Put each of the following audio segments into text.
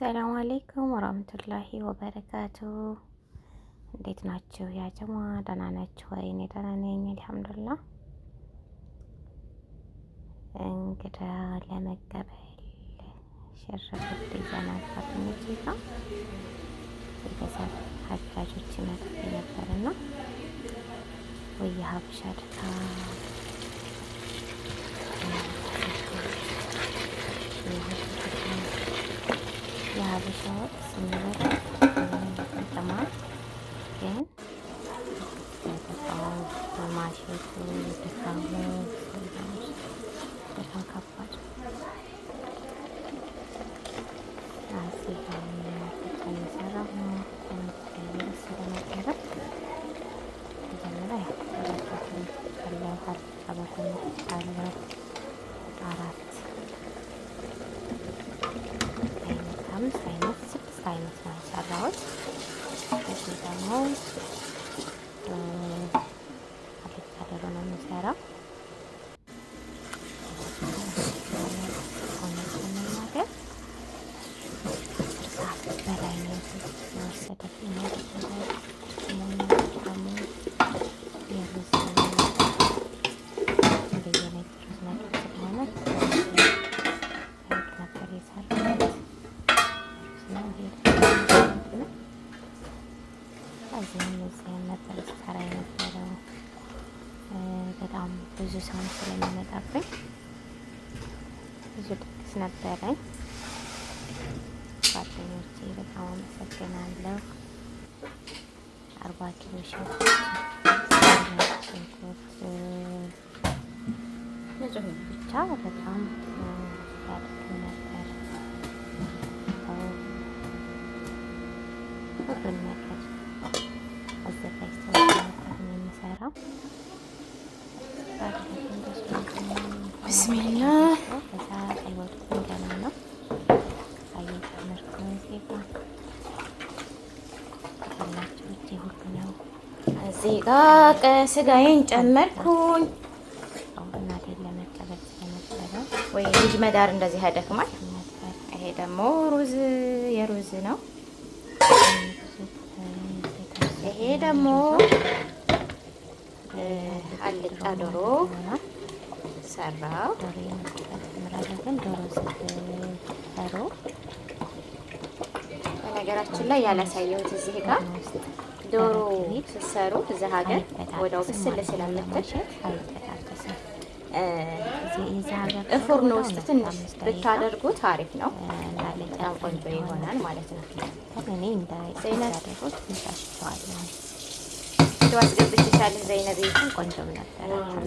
ሰላም አሌይኩም ወራህመቱላሂ ወበረካቱ። እንዴት ናችሁ? ያ ጀማ ደህና ናችሁ ወይ? እኔ ደህና ነኝ አልሐምዱሊላህ። እንግዳ ለመቀበል ሽርፍት ይዘናጋት እንችላ ቤተሰብ ሀጃጆች መጥተው ነበርና ወይ ሀበሻ ድካ shot. ነው። አቤት ነው የሚሰራው። እዚህም እዚህም ነበር ስታራ የነበረው። በጣም ብዙ ሰው ስለሚመጣብኝ ብዙ ድግስ ነበረኝ። ጓደኞቼ በጣም አመሰግናለሁ። አርባ ኪሎ ሽንኩርት ንጹህ ብቻ በጣም ያደግ ነበር። ሁሉን ነገር ብስሚላ እዛ ቀይወጡ ገና ነው እየጨመርኩኝ ዜጋ ተፈላችሁ እጄ ሁሉ ነው። እዚህ ጋ ስጋዬን ጨመርኩኝ። እናቴን ለመቀበል ስለነበረ ወይ ልጅ መዳር እንደዚህ ያደክማል። ይሄ ደግሞ ሩዝ የሩዝ ነው። ይሄ ደግሞ አልጫ ዶሮ ሰራው ዶሮ የመፍጨት ዶሮ ስሮ በነገራችን ላይ ያላሳየሁት እዚህ ጋር ዶሮ ስትሰሩ እዛ ሀገር ወዲያው ብስል ስለምትል እፉርን ውስጥ ትንሽ ብታደርጉት አሪፍ ነው። በጣም ቆንጆ ይሆናል ማለት ነው። ዘይነት አስገብቼሻለሁ። ዘይነት ቆንጆ ነበር።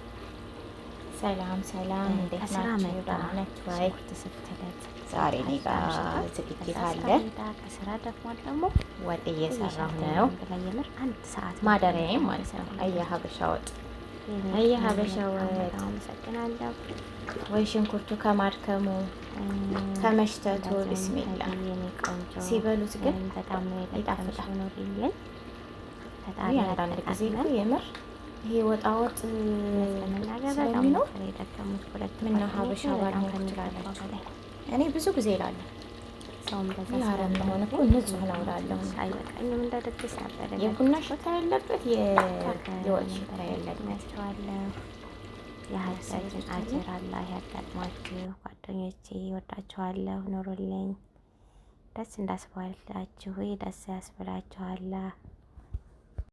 ሰላም ሰላም፣ እንዴት ናችሁ? ደህና ናችሁ ወይ? ዛሬ እኔ ጋር ዝግጅት አለ። ከስራ ደግሞ ወጥ እየሰራሁ ነው። ማደሪያዬም ማለት ነው። ሀበሻ ወጥ፣ ሀበሻ ወጥ። አመሰግናለሁ። ወይ ሽንኩርቱ ከማድከሙ ከመሽተቱ፣ ሲበሉት ግን በጣም ይጣፍጣል። አንዳንድ ጊዜ የምር ይሄ ወጣወጥ ስለሚኖር ምነው ሀበሻ ባል ትላላችሁ? እኔ ብዙ ጊዜ እላለሁ። የአረም መሆን እኮ ንጹህ ነው እላለሁ። የቡና ሽታ ያለበት የወጥ ሽታ ያለበት የሀሳብን አጅር አላህ ያጋጥማችሁ። ጓደኞቼ ወዳችኋለሁ። ኑሩልኝ። ደስ እንዳስባላችሁ ደስ ያስብላችኋላ።